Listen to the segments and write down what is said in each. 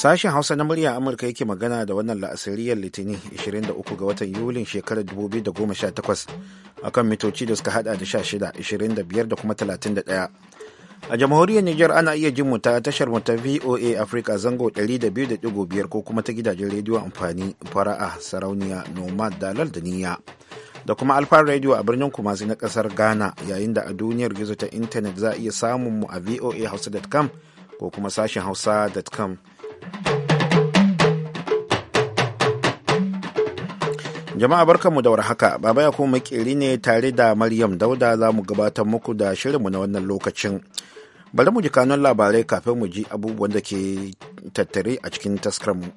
Sashen Hausa na murya Amurka yake magana da wannan la'asiriyar Litinin 23 ga watan Yulin shekarar 2018 akan mitoci da suka hada da 16, 25 da kuma 31. A jamhuriyar Nijar ana iya jin mu ta tashar mu ta VOA Africa zango 200.5 ko kuma ta gidajen rediyo amfani fara'a sarauniya nomad da niyya. da kuma alfa radio a birnin kumasi na kasar ghana yayin da a duniyar gizo ta intanet za a iya samun mu a voahausa.com ko kuma sashen hausa.com Jama'a barkanmu da warhaka, Baba ya kuma makeri ne tare da Maryam Dauda za mu gabatar muku da shirinmu na wannan lokacin. Bari mu ji kanun labarai kafin mu ji abubuwan da ke tattare a cikin taskarmu.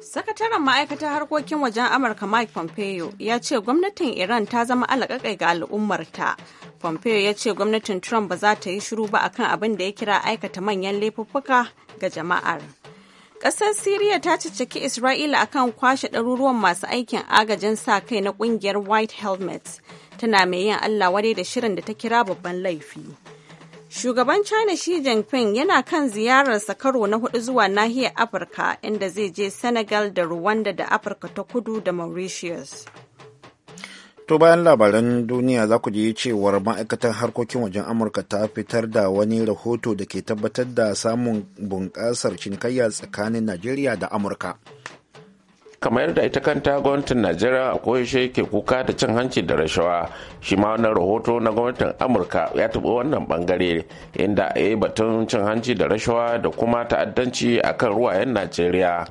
Sakataren ma'aikatar harkokin wajen Amurka Mike Pompeo ya ce gwamnatin Iran ta zama alaƙaƙai ga al'ummarta. Pompeo ya ce gwamnatin Trump ba za ta yi shiru ba akan abin da ya kira aikata manyan laifuffuka ga jama'ar. Ƙasar Siriya ta cicciki Isra'ila akan kwashe ɗaruruwan masu aikin agajin sa kai na ƙungiyar White Helmets, tana mai yin Allah wadai da shirin da ta kira babban laifi. Shugaban China Xi Jinping yana kan ziyararsa karo na hudu zuwa nahiyar Afirka inda zai je Senegal da Rwanda da Afirka ta kudu da Mauritius. To bayan labaran duniya za ku ji cewar ma'aikatan harkokin wajen Amurka ta fitar da wani rahoto da ke tabbatar da samun bunƙasar cinikayya tsakanin Najeriya da Amurka. kamar yadda ita kanta gwamnatin najeriya a koyaushe ke kuka da cin hanci da rashawa shi ma wannan rahoto na gwamnatin amurka ya taɓa wannan bangare inda a yi batun cin hanci da rashawa da kuma ta'addanci akan ruwayen najeriya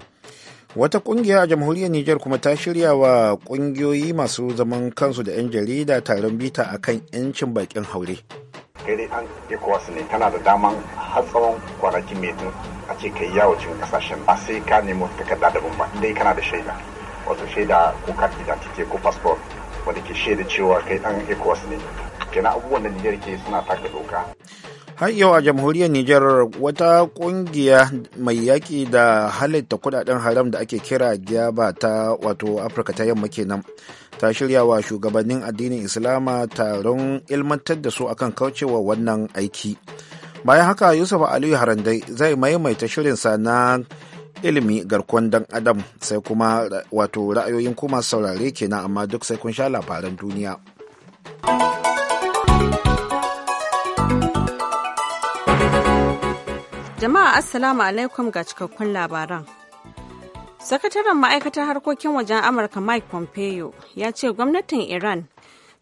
wata kungiya a jamhuriyar niger kuma ta shirya wa kungiyoyi masu zaman kansu da 'yan jarida taron bita akan 'yancin bakin haure dai an ecowas ne tana da daman har tsawon kwanaki metin a ce kai yawo kasashen ba sai ka nemo takarda da ba dai kana da shaida wato shaida ko kati identity ko passport wadda ke shaida cewa kai dan ecowas ne kenan abubuwan da niger ke suna taka doka har yau a jamhuriyar Nijar wata kungiya mai yaƙi da halitta kudaden haram da ake kira gyaba ta wato Afirka ta yamma kenan ta shirya wa shugabannin addinin Islama taron ilmantar da su akan kaucewa wannan aiki. Bayan haka Yusuf Aliyu Harandai zai maimaita shirinsa na ilimi garkon dan adam sai kuma wato ra'ayoyin kuma saurare kenan amma duk sai kun sha labaran duniya. Jama'a Assalamu alaikum ga cikakkun labaran. Sakataren ma'aikatar harkokin wajen Amurka Mike Pompeo ya ce gwamnatin Iran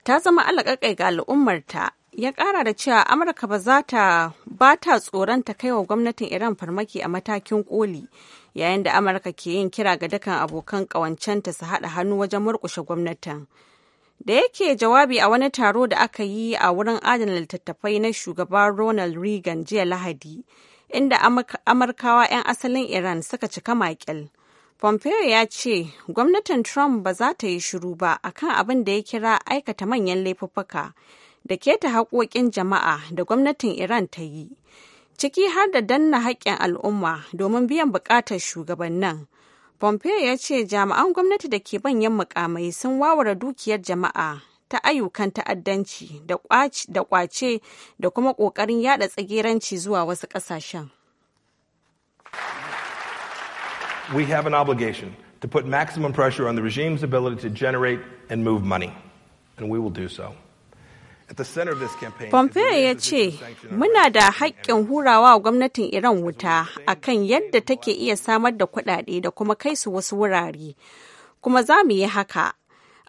ta zama alaƙaƙai ga al'ummarta ya ƙara da cewa Amurka ba za ta ba ta tsoron ta kai wa gwamnatin Iran farmaki a matakin koli, yayin da Amurka ke yin kira ga dukkan abokan ƙawancenta su haɗa hannu wajen murkushe gwamnatin. da yake jawabi a wani taro da aka yi a wurin adana littattafai na shugaban ronald reagan jiya lahadi inda Amurkawa 'yan asalin Iran suka cika makil. Pompeo ya ce gwamnatin Trump ba za ta yi shiru ba akan abin da ya kira aikata manyan laifuffuka da keta haƙoƙin jama'a da gwamnatin Iran ta yi, ciki har da danna haƙƙin al'umma domin biyan buƙatar shugabannin. Pompeo ya ce jami'an gwamnati da ke banyan mukamai sun wawara dukiyar jama'a ta ayyukan ta'addanci da kwace da kuma ƙoƙarin yada tsageranci zuwa wasu ƙasashen. We have an obligation to put maximum pressure on the regime's ability to generate and move money, and we will do so. Pompeo ya ce, Muna da haƙƙin hurawa gwamnatin Iran wuta a kan yadda take iya samar da kuɗaɗe da kuma kai su wasu wurare, kuma za mu yi haka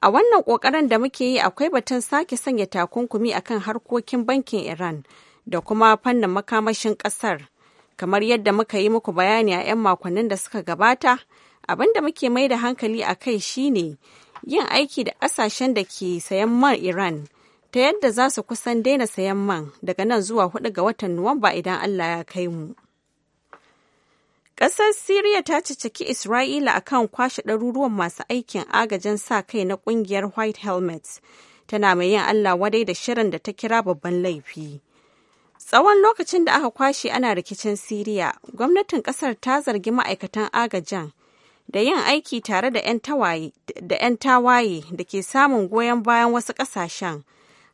A wannan ƙoƙarin da muke yi akwai batun sake sanya takunkumi akan harkokin bankin Iran da kuma fannin makamashin ƙasar. Kamar yadda muka yi muku bayani a 'yan makonnin da suka gabata, abin da muke mai da hankali a kai shi ne yin aiki da ƙasashen da ke sayan man Iran ta yadda za su kusan daina sayan man daga nan zuwa hudu ga watan Nuwamba idan Allah ya kai mu. Ƙasar Siriya ta ciciki Isra'ila akan kwashe ɗaruruwan masu aikin agajin sa kai na ƙungiyar White Helmets, tana mai yin Allah wadai da shirin da ta kira babban laifi. Tsawon lokacin da aka kwashe ana rikicin Siriya, gwamnatin ƙasar ta zargi ma'aikatan agajin da yin aiki tare da 'yan tawaye da ke samun goyon bayan wasu ƙasashen.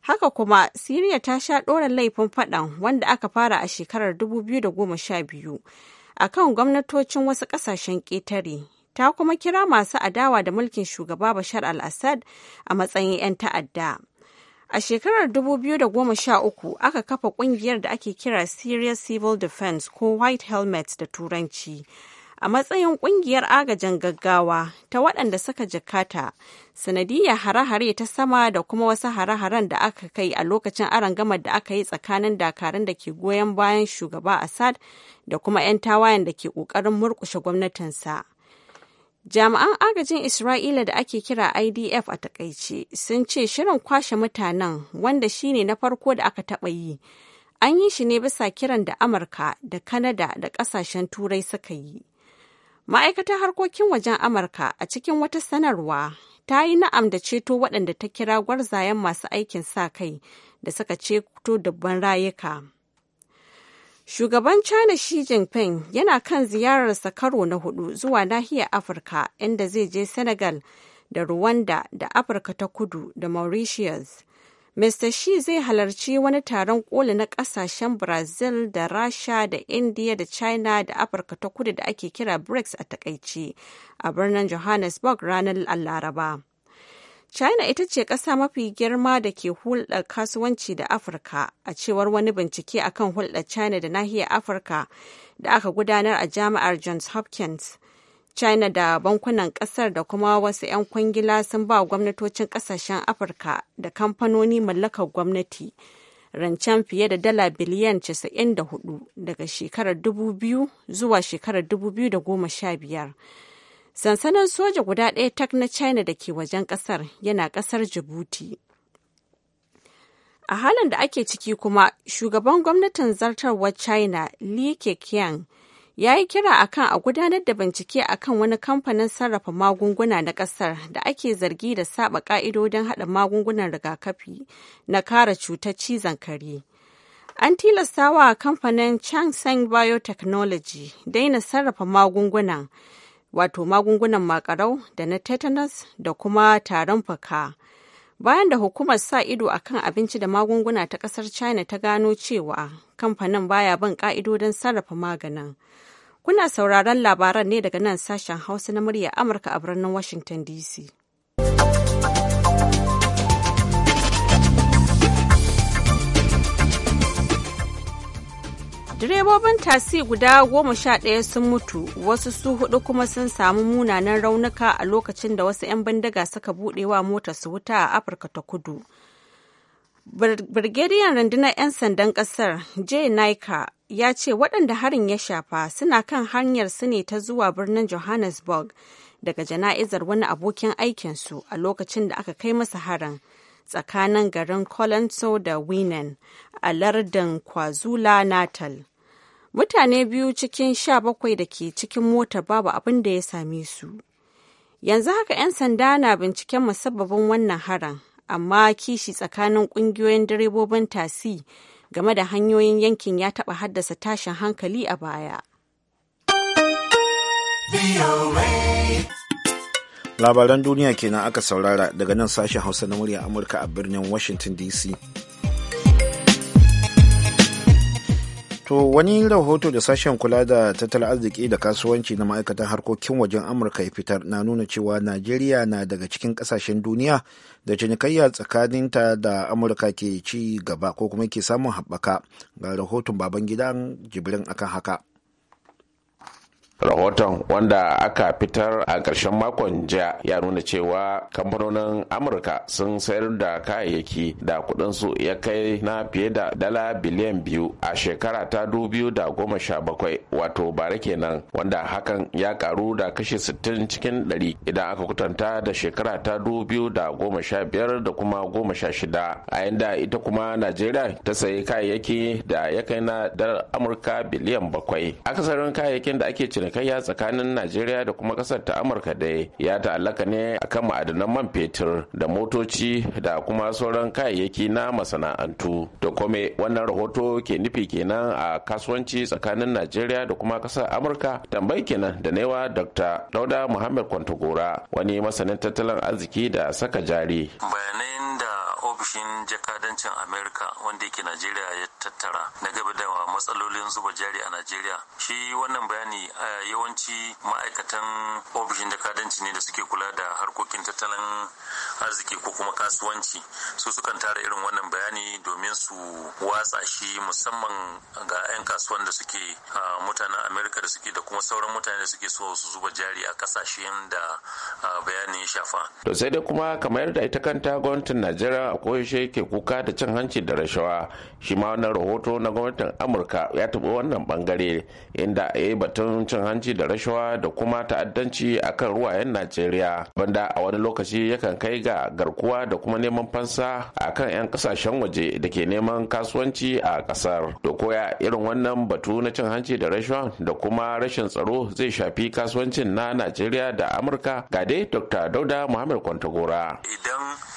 Haka kuma, Siriya ta sha ɗora laifin faɗan wanda aka fara a shekarar 2012 a kan gwamnatocin wasu ƙasashen ƙetare ta kuma kira masu adawa da mulkin shugaba Bashar al-Assad a matsayin 'yan ta'adda. A shekarar 2013 aka kafa ƙungiyar da ake kira Serious Civil Defense ko White Helmets da Turanci a matsayin kungiyar agajin gaggawa ta waɗanda suka jikata sanadiyar hare-hare ta sama da kuma wasu hare-haren da aka kai a lokacin arangamar da aka yi tsakanin dakarun da ke goyon bayan shugaba assad da kuma 'yan tawayen da ke ƙoƙarin murƙushe gwamnatinsa jami'an agajin isra'ila da ake kira idf a takaice sun ce shirin kwashe mutanen wanda shine na farko da aka taɓa yi an yi shi ne bisa kiran da amurka da kanada da ƙasashen turai suka yi Ma'aikatar harkokin wajen Amurka a cikin wata sanarwa ta yi na'am da ceto waɗanda ta kira gwarzayen masu aikin sa kai da suka ceto dubban rayuka. Shugaban China Xi Jinping yana kan ziyararsa karo na hudu zuwa nahiyar Afirka inda zai je Senegal da Rwanda da Afirka ta kudu da Mauritius Mr. Shi zai halarci wani taron koli na kasashen Brazil da Rasha da India da China da Afirka ta kudu da ake kira BRICS a takaice a birnin Johannesburg ranar Laraba. China ita ce ƙasa mafi girma da ke hulɗa kasuwanci da Afirka a cewar wani bincike akan hulɗar China da nahiyar Afirka da aka gudanar a jami'ar Johns Hopkins. China da bankunan kasar da kuma wasu 'yan kwangila sun ba gwamnatocin kasashen Afirka da kamfanoni mallakar gwamnati rancen fiye da dala biliyan 94 daga shekarar 2000 zuwa shekarar 2015. Sansanin soja guda ɗaya tak na China da ke wajen kasar yana kasar jibuti A halin da ake ciki kuma, shugaban gwamnatin zartarwar China Li Keqiang ya yi kira akan a gudanar da bincike akan wani kamfanin sarrafa magunguna na kasar da ake zargi da saba ka'idodin haɗa magungunan rigakafi na kara cutar cizon kare. An tilasta wa kamfanin Changseng Biotechnology daina sarrafa magungunan, wato magungunan makarau da na tetanus da kuma tarin fuka bayan da hukumar sa ido a kan abinci da magunguna ta kasar china ta gano cewa kamfanin baya bin ka'idodin sarrafa maganin kuna sauraron labaran ne daga nan sashen hausa na murya amurka a birnin washington dc direbobin tasi guda goma sha ɗaya sun mutu wasu su hudu kuma sun samu munanan raunuka a lokacin da wasu 'yan bindiga suka buɗewa motar su wuta a afirka ta kudu Birgediyan rundunar 'yan sandan ƙasar Jay naika ya ce waɗanda harin ya shafa suna kan hanyar su ne ta zuwa birnin Johannesburg daga jana'izar wani abokin aikinsu a lokacin da aka kai masa harin tsakanin garin colonso da Winen a lardin KwaZulu-Natal. mutane biyu cikin sha bakwai da ke cikin mota babu abin da ya same su yanzu haka 'yan sanda na binciken musabbabin wannan haran amma kishi tsakanin kungiyoyin direbobin tasi game da hanyoyin yankin ya taɓa haddasa tashin hankali a baya labaran duniya kenan aka saurara daga nan sashen hausa na murya amurka a birnin washington dc To wani rahoto da sashen kula da tattalin arziki da kasuwanci na ma'aikatan harkokin wajen Amurka ya fitar na nuna cewa Najeriya na daga cikin kasashen duniya da cinikayya tsakaninta da Amurka ke ci gaba ko kuma ke samun haɓaka ga rahoton baban gidan jibrin akan haka. rahoton wanda aka fitar a ƙarshen makon jiya ya nuna cewa kamfanonin amurka sun sayar da kayayyaki da kudinsu ya kai na fiye da dala biliyan biyu a shekara ta dubu da goma sha bakwai wato bara kenan wanda hakan ya karu da kashi sittin cikin ɗari idan aka kutanta da shekara ta dubu da goma sha biyar da kuma goma sha shida a yanda ita kuma najeriya ta sayi kayayyaki da ya kai na dalar amurka biliyan bakwai akasarin kayayyakin da ake cinikin cinikayya tsakanin najeriya da kuma kasar ta amurka dai ya ta'allaka ne akan ma'adanan man fetur da motoci da kuma sauran kayayyaki na masana'antu da kome wannan rahoto ke nufi kenan a kasuwanci tsakanin najeriya da kuma kasar amurka tambayi kenan da naiwa dr dauda muhammad kwantogora wani masanin tattalin arziki da saka jari bayanan da ofishin jakadancin amerika wanda yake najeriya ya tattara na gaba da matsalolin zuba jari a najeriya shi wannan bayani a eh, yawanci ma'aikatan ofishin jakadanci ne da suke kula da harkokin tattalin arziki ko kuma kasuwanci su sukan tara irin wannan bayani domin su watsa shi musamman ga 'yan kasuwan da suke mutanen amerika da suke da kuma sauran mutane da suke so su zuba jari a kasashen da bayani ya shafa to sai dai kuma kamar yadda ita kanta gwamnatin najeriya a koyaushe ke kuka da cin hanci da rashawa shi ma wannan rahoto na gwamnatin amurka ya taɓa wannan bangare inda a yi batun cin hanci da rashawa da kuma ta'addanci a kan ruwayen najeriya banda a wani lokaci yakan kai ga garkuwa da kuma neman fansa a kan 'yan kasashen waje da ke neman kasuwanci a kasar da koya irin wannan batu na cin hanci da rashawa da kuma rashin tsaro zai shafi kasuwancin na najeriya da amurka ga dai dr dauda muhammad kwantagora idan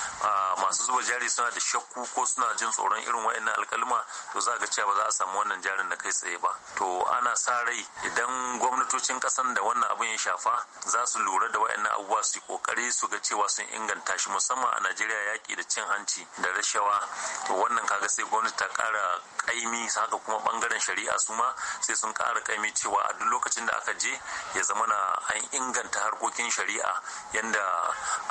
masu zuba jari suna da shakku ko suna jin tsoron irin wayannan alkalma to za ga cewa ba za a samu wannan jarin da kai tsaye ba to ana sa rai idan gwamnatocin kasan da wannan abin ya shafa za su lura da wayannan abubuwa su kokari su ga cewa sun inganta shi musamman a Najeriya yaki da cin hanci da rashawa to wannan kaga sai gwamnati ta kara kaimi haka kuma bangaren shari'a su ma sai sun kara kaimi cewa a duk lokacin da aka je ya zama na an inganta harkokin shari'a yanda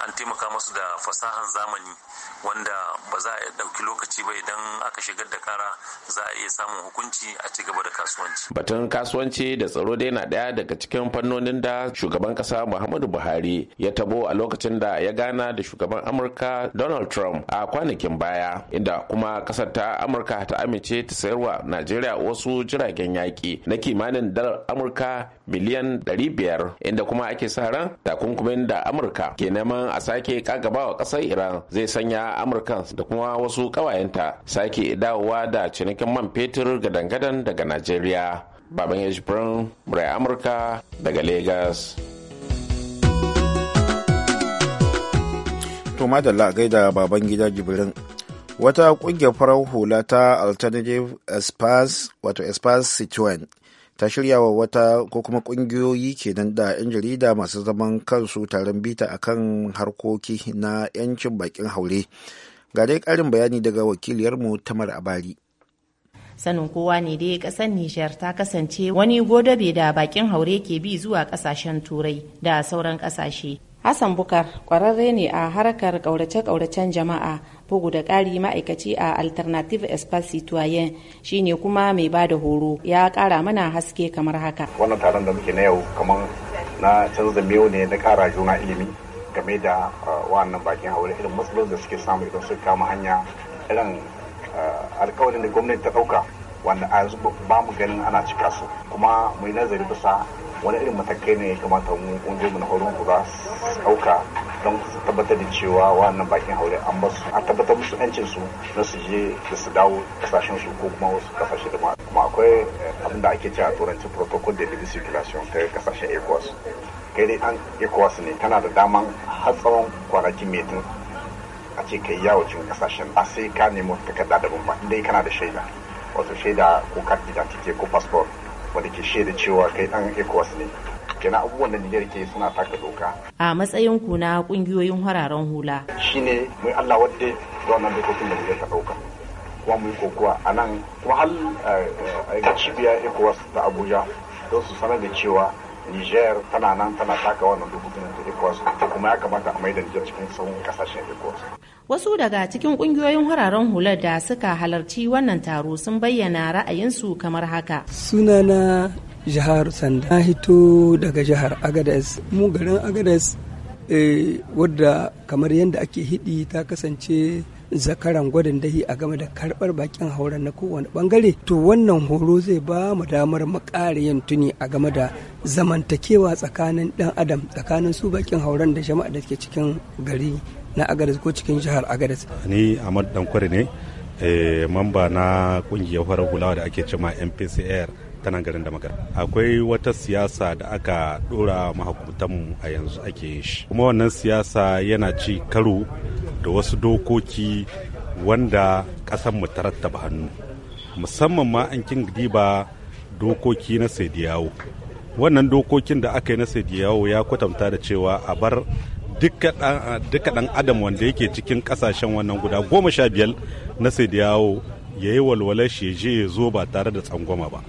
an taimaka musu da fasahan zamani tsammani wanda ba za a ɗauki lokaci ba idan aka shigar da kara za a iya samun hukunci a ci gaba da kasuwanci. Batun kasuwanci da tsaro dai na daya daga cikin fannonin da shugaban ƙasa Muhammadu Buhari ya tabo a lokacin da ya gana da shugaban Amurka Donald Trump a kwanakin baya inda kuma ƙasar ta Amurka ta amince ta sayarwa Najeriya wasu jiragen yaƙi na kimanin dalar Amurka miliyan biyar, inda kuma ake sa ran takunkumin da Amurka ke neman a sake kagaba wa ƙasar Iran zai sanya amurka da kuma wasu kawayenta sake dawowa da cinikin man fetur gadan-gadan daga najeriya baban ya shifirin murai amurka daga lagos to da gaida baban gida jibirin wata kungiyar farar hula ta alternative espace wato espace situen ta shirya wa wata ko kuma kungiyoyi kenan da 'yan jarida masu zaman kansu taron bita a kan harkoki na 'yancin bakin haure ga dai karin bayani daga wakiliyarmu tamar abari sanin kowa ne dai kasar Nijar ta kasance wani godobe da bakin haure ke bi zuwa kasashen turai da sauran kasashe Hassan Bukar kwararre ne a harkar ƙaurace-ƙauracen jama'a bugu da ƙari ma'aikaci a Alternative Espace Citoyen shi ne kuma mai ba da horo ya ƙara mana haske kamar haka. Wannan taron da muke na yau kamar na canza mewu ne na ƙara juna ilimi game da uh, wannan bakin haure irin matsalolin da suke samu idan suka kama hanya irin uh, alkawarin da gwamnati ta ɗauka wanda a yanzu ba mu ganin ana cika su kuma mu yi nazari bisa wani irin matakai ne ya kamata mu kungiyoyin mu na horon ku za su ɗauka don su tabbatar da cewa wannan bakin haure an ba su an tabbatar musu yancin su na su je da su dawo kasashen su ko kuma wasu kasashe da kuma akwai eh, abin da ake cewa turanci protocol de libre circulation ta kasashen ECOWAS kai dai an ECOWAS ne tana da daman har tsawon kwanaki metin a ce kai yawo cikin kasashen ba sai ka nemo takarda daban ba dai kana da shaida wato shaida ko kati da ko passport wanda ke shaida cewa kai ɗan ECOWAS ne. kenan abubuwan da Nijar ke suna taka doka. A matsayin ku na kungiyoyin hararen hula. Shine mu Allah wadda da wannan dokokin da Nijar ta dauka. Kuma mu kokowa a kuma hal a eh, eh, cibiya ECOWAS ta Abuja don su sanar da cewa Nijar tana nan tana taka wannan dokokin da ECOWAS kuma ya kamata a maida Nijar cikin sauran kasashen ECOWAS. Wasu daga cikin kungiyoyin hararen hular da suka halarci wannan taro sun bayyana ra'ayinsu kamar haka. Sunana jihar Sanda hito daga jihar Agadez. Mu garin Agadez e, wadda kamar yadda ake hidi ta kasance zakaran gwadin dahi a game da karbar bakin hauren na kowane bangare to wannan horo zai ba mu damar makare yin tuni a game da zamantakewa tsakanin dan adam tsakanin su bakin hauren da jama'a da ke cikin gari na agadas ko cikin jihar agadas ni ahmad dankwari ne eh, mamba na kungiyar farar hula da ake cima mpcr tana garin da akwai wata siyasa da aka dora mahukuntanmu a yanzu ake yin shi kuma wannan siyasa yana ci karo da wasu dokoki wanda ƙasar mu tarattaba hannu musamman ma an kin diba dokoki na sediyawo wannan dokokin da aka yi na sediyawo ya kwatanta da cewa a bar duka ɗan adam wanda yake cikin kasashen wannan guda goma sha biyar na sai da yawo ya yi walwalar shi je ya zo ba tare da tsangwama ba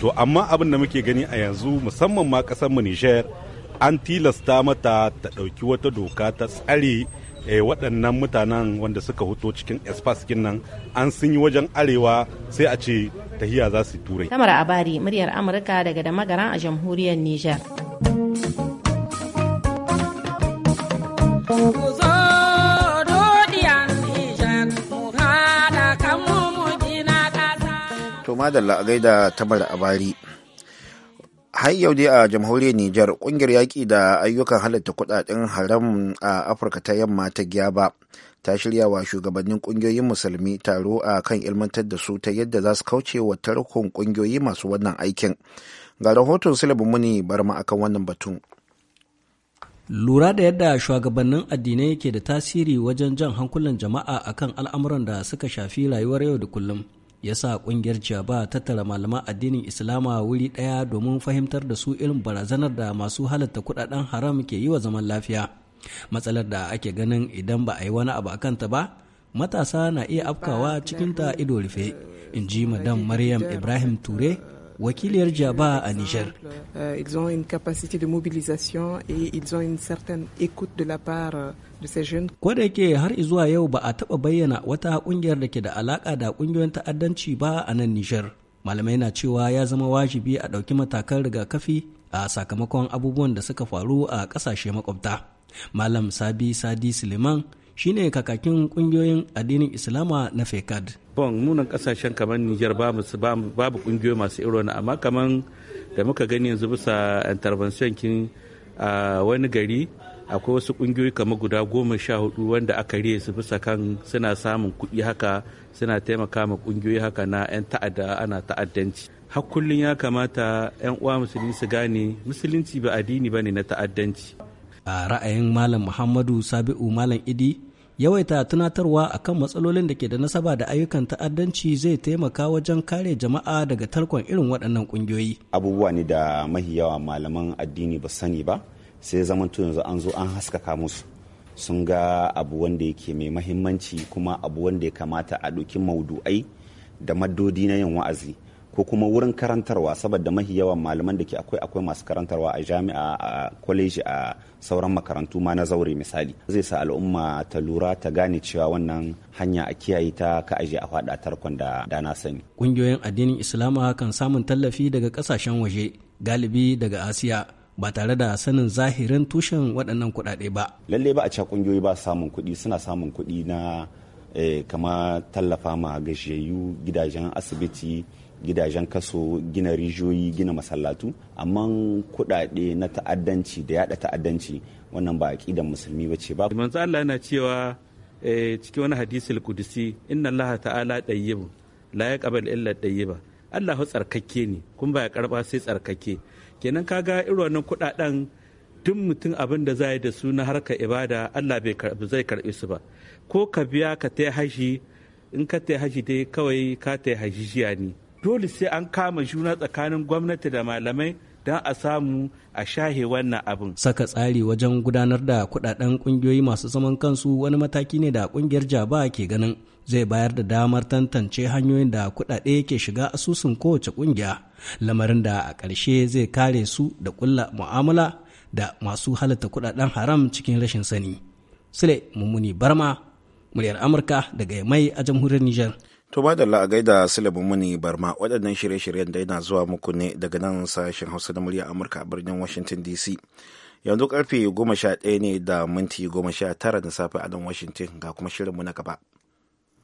to amma abin da muke gani a yanzu musamman ma kasar mu nijar an tilasta mata ta ɗauki wata doka ta tsare eh, waɗannan mutanen wanda suka huto cikin espas nan an sun yi wajen arewa sai a ce tahiya za su turai tamara abari muryar amurka daga da magaran a jamhuriyar nijar madalla da tabar tamar abari har yau dai a jamhuriyar Nijar kungiyar yaƙi da ayyukan halitta kudaden haram a Afirka ta yamma ta gyaba ta shirya wa shugabannin kungiyoyin musulmi taro a kan ilmantar da su ta yadda za su kauce wa tarkon kungiyoyi masu wannan aikin. Ga rahoton Sulabu Muni barma akan wannan batun. Lura da yadda shugabannin addinai ke da tasiri wajen jan hankulan jama'a akan al'amuran da suka shafi rayuwar yau da kullum. ya sa kungiyar jaba ta tara malaman addinin islama wuri daya domin fahimtar da su irin barazanar da masu halatta kudaden haram ke yi wa zaman lafiya matsalar da ake ganin idan ba a yi wani abu akanta ba matasa na iya afkawa cikin ta ido rufe in ji madam maryam ibrahim ture wakiliyar jaba a niger euh, ils ont une capacité de mobilisation et ils ont une certaine écoute de la part euh, Ko da yake har zuwa yau ba a taba bayyana wata ƙungiyar da ke da alaka da kungiyoyin ta'addanci ba a nan Nijar. Malamai na cewa ya zama wajibi a ɗauki matakan rigakafi a sakamakon abubuwan da suka faru a ƙasashe makwabta. Malam Sabi Sadi Suleiman shine kakakin ƙungiyoyin addinin Islama na FECAD. Bon, munan ƙasashen kamar Nijar babu ƙungiyoyi masu iro amma kamar da muka gani yanzu bisa intervention kin wani gari akwai wasu kungiyoyi kamar guda goma sha hudu wanda aka riye su bisa kan suna samun kuɗi haka suna taimaka ma kungiyoyi haka na 'yan ta'adda ana ta'addanci har kullum ya kamata 'yan uwa musulmi su gane musulunci ba addini ba ne na ta'addanci a ra'ayin malam muhammadu sabi'u malam idi yawaita tunatarwa akan matsalolin da ke da nasaba da ayyukan ta'addanci zai taimaka wajen kare jama'a daga tarkon irin waɗannan ƙungiyoyi abubuwa ne da mahi yawa malaman addini ba sani ba sai zamanto yanzu an zo an haskaka musu sun ga abu wanda yake mai mahimmanci kuma abu wanda ya kamata a dokin maudu'ai da maddodi na yin wa'azi ko kuma wurin karantarwa saboda mahi yawan malaman da ke akwai akwai masu karantarwa a jami'a a kwaleji a sauran makarantu ma na zaure misali zai sa al'umma ta lura ta gane cewa wannan hanya a kiyaye ta ka aje a faɗa tarkon da dana sani ƙungiyoyin addinin islama kan samun tallafi daga kasashen waje galibi daga asiya ba tare da sanin zahirin tushen waɗannan kuɗaɗe ba. Lalle ba a ca ƙungiyoyi ba samun kuɗi suna samun kuɗi na eh, kama tallafa ma gajiyayyu gidajen asibiti gidajen kaso gina rijiyoyi gina masallatu amma kuɗaɗe na ta'addanci da yaɗa ta'addanci wannan ba a musulmi ba ce ba. Manzo Allah yana cewa eh, cikin wani hadisi kudusi inna Allah ta'ala dayyibu la ya illa dayyiba Allah tsarkake ne kuma ba ya karɓa sai tsarkake kenan kaga irin wannan kudaden duk mutum abin da zai da su na harkar ibada Allah bai zai karbi su ba ko ka biya ka ta haji in ka ta haji dai kawai ka ta haji jiya ne dole sai an kama juna tsakanin gwamnati da malamai don a samu a shahe wannan abin. Saka tsari wajen gudanar da kudaden kungiyoyi masu zaman kansu wani mataki ne da kungiyar jaba ke ganin zai bayar da damar tantance hanyoyin da kuɗaɗe ke shiga asusun kowace ƙungiya lamarin da a ƙarshe zai kare su da ƙulla mu'amala da masu halatta kuɗaɗen haram cikin rashin sani. Sule Mummuni Barma, muryar Amurka daga mai a jamhuriyar Nijar. To ba da la'agai gaida sule mummuni barma waɗannan shirye-shiryen da yana zuwa muku ne daga nan sashen Hausa da muryar Amurka a birnin Washington DC. Yanzu karfe ɗaya ne da minti goma 19 na safe a nan Washington ga kuma shirinmu na gaba.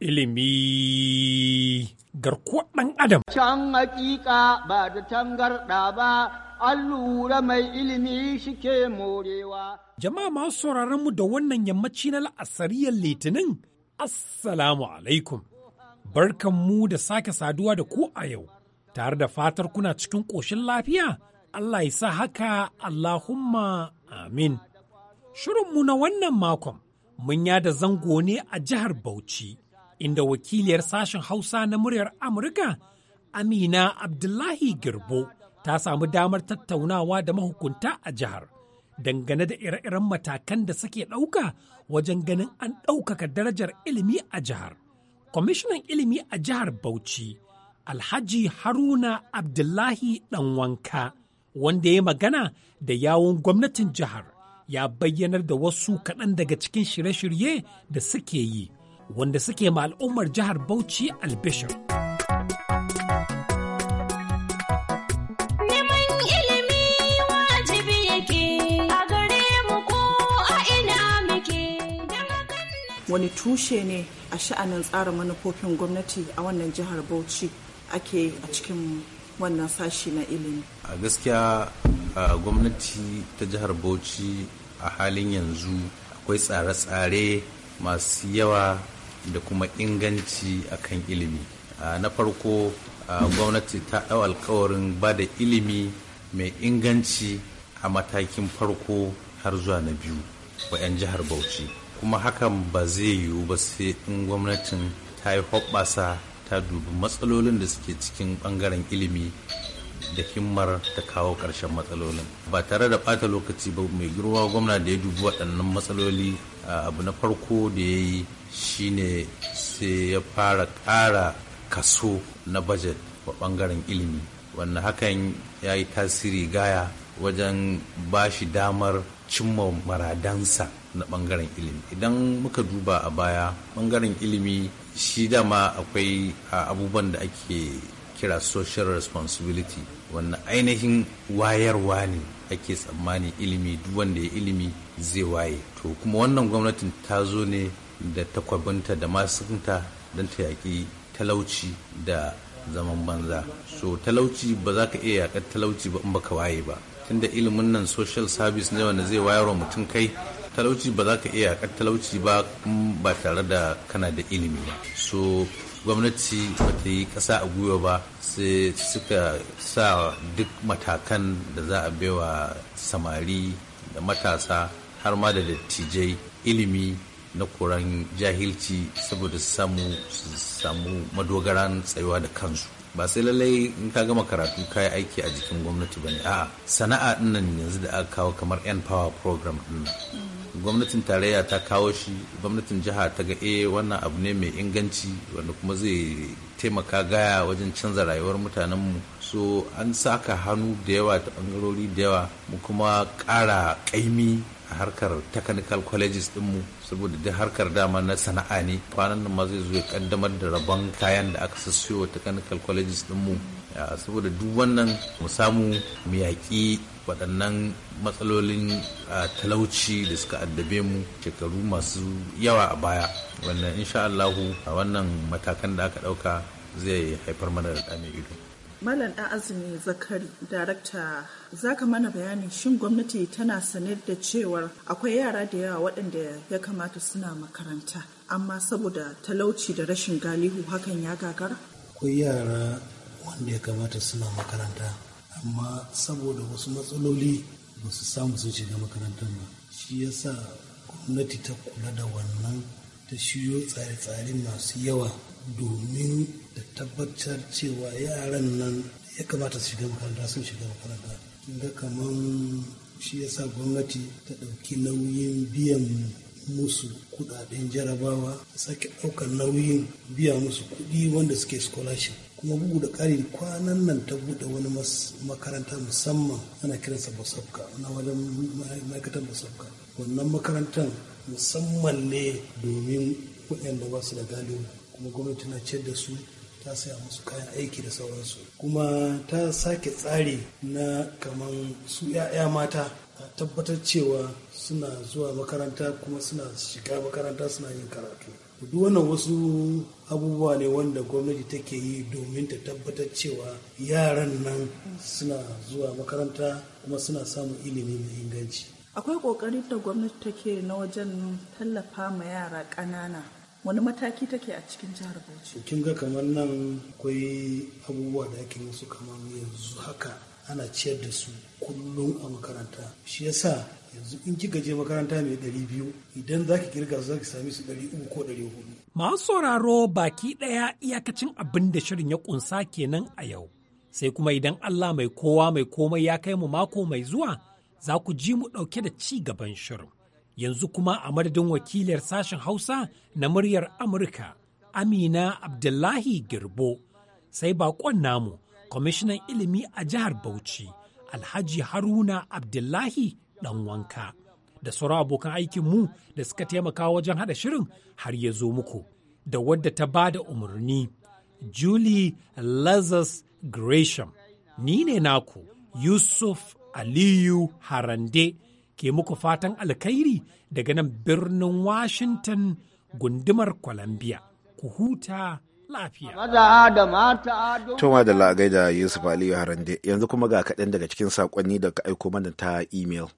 ilimi garkuwar ɗan adam. Can hakika ba da tangarɗa ba, an lura mai ilimi shi ke morewa. Jama'a masu sauraron mu da wannan yammaci na la'asariyar litinin, Assalamu alaikum. Barkan mu da sake saduwa da ku a yau, tare da fatar kuna cikin ƙoshin lafiya, Allah ya sa haka Allahumma amin. Shirinmu na wannan makon mun yada zango ne a jihar Bauchi. inda wakiliyar sashen Hausa na muryar Amurka, Amina Abdullahi Girbo, ta samu damar tattaunawa da mahukunta a jihar. Dangane da ire-iren matakan da suke ɗauka wajen ganin an ɗaukaka darajar ilimi a jihar. Kwamishinan ilimi a jihar Bauchi, Alhaji Haruna Abdullahi Ɗanwanka, wanda ya magana da yawon gwamnatin jihar, ya bayyanar da wasu kaɗan daga cikin shirye-shirye da suke yi. wanda suke ma al'ummar jihar Bauchi albishir. Wani tushe ne a sha'anin tsara manufofin gwamnati a wannan jihar Bauchi ake a cikin wannan sashi na ilimi. A gaskiya gwamnati ta jihar Bauchi a halin yanzu akwai tsare-tsare masu yawa da kuma inganci a kan ilimi na farko gwamnati ta ɗau alkawarin ba da ilimi mai inganci a matakin farko har zuwa na biyu wa 'yan jihar bauchi kuma hakan ba zai yiwu ba sai in gwamnatin ta yi hoɓɓasa ta dubi matsalolin da suke cikin ɓangaren ilimi da himmar ta kawo ƙarshen matsalolin ba tare da ɓata lokaci ba mai girma gwamna da ya dubi waɗannan matsaloli Ah, abu na farko da ya yi shine sai ya fara ƙara kaso na bajet wa ɓangaren ilimi wannan hakan ya yi tasiri gaya wajen ba shi damar cimma maradansa na ɓangaren ilimi idan muka duba a baya ɓangaren ilimi shi dama akwai ah, abubuwan da ake kira social responsibility wannan ainihin wayarwa ne ake tsammani ilimi duk wanda ya ilimi zai waye to kuma wannan gwamnatin ta zo ne da takwabinta da masunta don ta yaƙi talauci da zaman banza so talauci ba za ka iya yaƙar talauci ba in baka waye ba tunda ilimin nan social service ne wanda zai wayar wa mutum kai talauci ba za ka iya yaƙar talauci ba ba tare da kana da ilimi ba so gwamnati ba ta yi ƙasa a gwiwa ba sai suka sa duk matakan da za a baiwa samari da matasa har ma da dattijai ilimi na koran jahilci saboda samu samu madogaran tsayuwa da kansu ba sai lallai in ka gama karatu kayi aiki a jikin gwamnati ba ne a'a sana'a dinnan yanzu da aka kawo kamar yan power program dinnan gwamnatin tarayya ta kawo shi gwamnatin jiha ta ga eh wannan abu ne mai inganci wanda kuma zai taimaka gaya wajen canza rayuwar mutanenmu so an saka hannu da yawa ta bangarori da yawa mu kuma ƙara ƙaimi a harkar technical colleges dinmu saboda duk harkar dama na sana'a ne kwanan nan ma zai zo ya kaddamar da rabon kayan da aka sassoyo technical colleges dinmu saboda duk wannan mu samu mu yaƙi waɗannan matsalolin talauci da suka addabe mu shekaru masu yawa a baya wanda insha Allahu a wannan matakan da aka ɗauka zai haifar mana da ɗame ido. Malam ɗan azumi zakari darakta za ka mana bayanin shin gwamnati tana sanar da cewar akwai yara da yawa waɗanda ya kamata suna makaranta amma saboda talauci da rashin galihu hakan ya gagara? Akwai yara wanda ya kamata suna makaranta amma saboda wasu matsaloli ba su samu su shiga makarantar ba shi yasa gwamnati ta kula da wannan ta shiyo tsare-tsare masu yawa domin da tabbatar cewa yaran nan ya kamata su shiga makaranta sun shiga makaranta ga kaman shi yasa gwamnati ta ɗauki nauyin biyan musu kudaden jarabawa sake ɗaukar nauyin biya musu kuɗi wanda suke scholarship kuma bugu da ƙari kwanan nan ta bude wani makaranta musamman ana kiransa basafka na wajen ma'aikatar basafka wannan makarantar musamman ne domin waɗanda ba su da galibu kuma gwamnati na ciyar da su ta saya musu kayan aiki da sauransu kuma ta sake tsari na kaman su 'ya'ya mata a tabbatar cewa suna zuwa makaranta kuma suna shiga makaranta suna yin karatu duk wannan wasu abubuwa ne wanda gwamnati take yi domin ta tabbatar cewa yaran nan suna zuwa makaranta kuma suna samun ilimi mai inganci akwai ƙoƙarin da gwamnati take na wajen tallafa ma yara ƙanana wani mataki take a cikin jihar bauchi kin ga kamar nan akwai abubuwa da ake musu kamar yanzu haka ana ciyar da su kullum a makaranta shi yasa yanzu in kika je makaranta mai ɗari biyu idan za ki girga za ki sami su ɗari uku ko ɗari hudu. Masu sauraro baki ɗaya iyakacin abin da shirin ya ƙunsa kenan a yau. Sai kuma idan Allah mai kowa mai komai ya kai mu mako mai zuwa za ku ji mu ɗauke da ci gaban shirin. Yanzu kuma a madadin wakilar sashen Hausa na muryar Amurka, Amina Abdullahi Girbo, sai baƙon namu kwamishinan ilimi a jihar Bauchi, Alhaji Haruna Abdullahi ɗan wanka. Da sauran abokan aikin mu da suka taimaka wajen haɗa shirin har ya zo muku, da wadda ta ba da umarni, Julie Lazarus Gresham. Ni ne naku, Yusuf Aliyu Harande, ke muku fatan alkhairi daga nan birnin Washington gundumar Columbia. Ku huta lafiya. Maza da da lagai da Yusuf Aliyu Harande yanzu kuma ga kaɗan daga cikin saƙonni da ka aiko mana ta imel.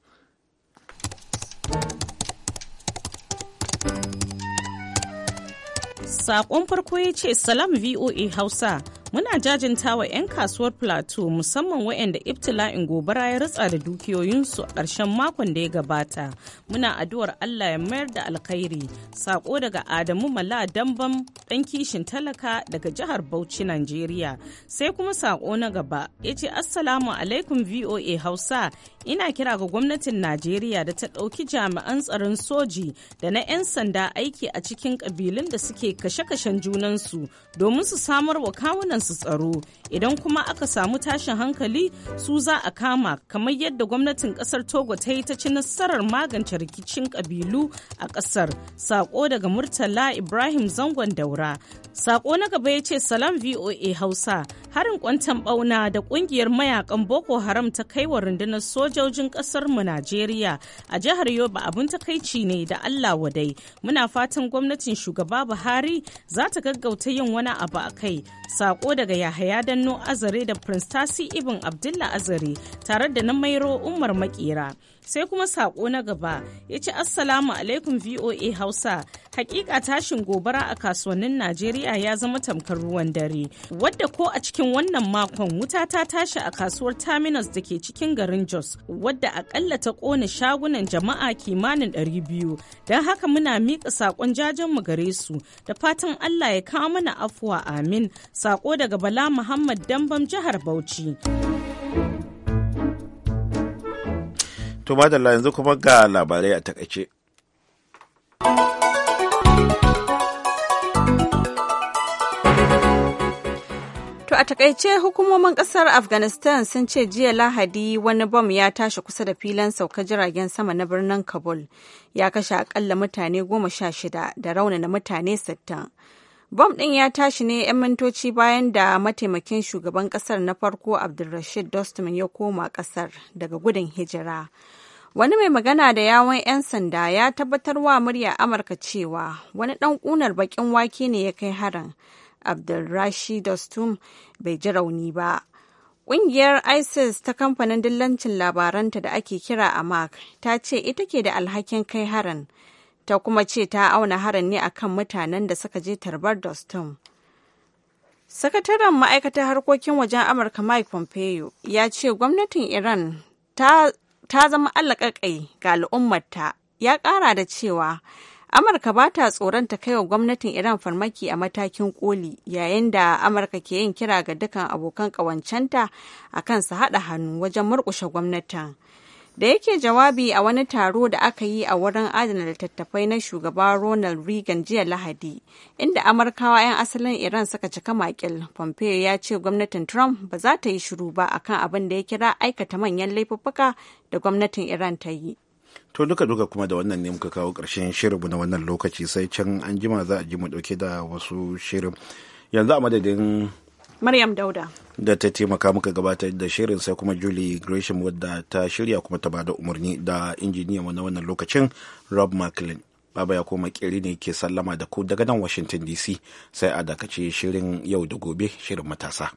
Saƙon farko ya ce Salam VOA Hausa. muna jajinta wa 'yan kasuwar plateau musamman waɗanda ibtila'in gobara ya ratsa da dukiyoyinsu a ƙarshen makon da ya gabata muna addu'ar allah ya mayar da alkhairi sako daga adamu mala dambam ɗan kishin talaka daga jihar bauchi nigeria sai kuma sako na gaba ya ce assalamu alaikum voa hausa ina kira ga gwamnatin najeriya da ta ɗauki jami'an tsaron soji da na 'yan sanda aiki a cikin ƙabilun da suke kashe-kashen junansu domin su samar wa kawunan kansu tsaro idan kuma aka samu tashin hankali su za a kama kamar yadda gwamnatin kasar togo ta yi ta ci nasarar magance rikicin kabilu a kasar sako daga murtala ibrahim zangon daura sako na gaba ya ce salam voa hausa harin kwantan bauna da kungiyar mayakan boko haram ta kai wa rundunar sojojin kasar mu najeriya a jihar yoba abin takaici ne da allah wadai muna fatan gwamnatin shugaba buhari za ta gaggauta yin wani abu a kai sako sako daga Yahaya Danno Azare da Prince Tasi Ibn Abdullah Azare tare da na Mairo Umar maƙera. sai kuma sako na gaba ya ce assalamu alaikum voa hausa hakika tashin gobara a kasuwannin najeriya ya zama tamkar ruwan dare wadda ko a cikin wannan makon wuta ta tashi a kasuwar terminus da ke cikin garin jos wadda akalla ta kone shagunan jama'a kimanin 200 don haka muna miƙa sakon jajen mu gare su da fatan allah ya kawo mana afuwa amin sako daga bala muhammad dambam jihar bauchi. To madalla yanzu kuma ga labarai a takaice. To a takaice hukumomin kasar Afghanistan sun ce jiya Lahadi wani bom ya tashi kusa da filin sauka jiragen sama na birnin Kabul ya kashe akalla mutane goma sha shida da raunana mutane sittin. Bom ɗin ya tashi ne 'yan mintoci bayan da mataimakin shugaban ƙasar na farko Abdulrashid Dostman ya koma ƙasar daga gudun hijira. Wani mai magana da yawon 'yan sanda ya tabbatar wa murya Amurka cewa wani ɗan ƙunar baƙin wake ne ya kai harin. Abdulrashid Dostum bai ji rauni ba. Ƙungiyar ISIS ta kamfanin dillancin labaranta da ake kira Mark ta ce ita ke da alhakin kai harin. ta kuma ce ta auna harin ne akan mutanen da suka je tarbar Dostum. Sakataren ma'aikatar harkokin wajen Amurka Mike Pompeo ya ce gwamnatin Iran ta, ta zama allakakai ga al'ummarta ya kara da cewa Amurka ba ta tsoron ta kai wa gwamnatin Iran farmaki a matakin koli yayin da Amurka ke yin kira ga dukkan abokan ƙawancenta a kan su haɗa hannu wajen murƙushe gwamnatin. da yake jawabi a wani taro da aka yi a wurin adana littattafai na shugaba ronald reagan jiya lahadi inda amurkawa 'yan asalin iran suka cika makil pompeo ya ce gwamnatin trump ba za ta yi shiru ba akan abin da ya kira aikata manyan laifuffuka da gwamnatin iran ta yi to duka duka kuma da wannan ne muka kawo ƙarshen shirinmu na wannan lokaci sai can an jima za a ji mu dauke da wasu shirin yanzu a madadin Maryam Dauda. Da ta taimaka muka gabatar da shirin sai kuma Julie Gresham wadda ta shirya kuma ta bada umarni da injiniya na wannan lokacin Rob McLean. Baba ya koma kiri ne ke sallama da ku daga nan Washington DC sai a dakace shirin yau da gobe shirin matasa.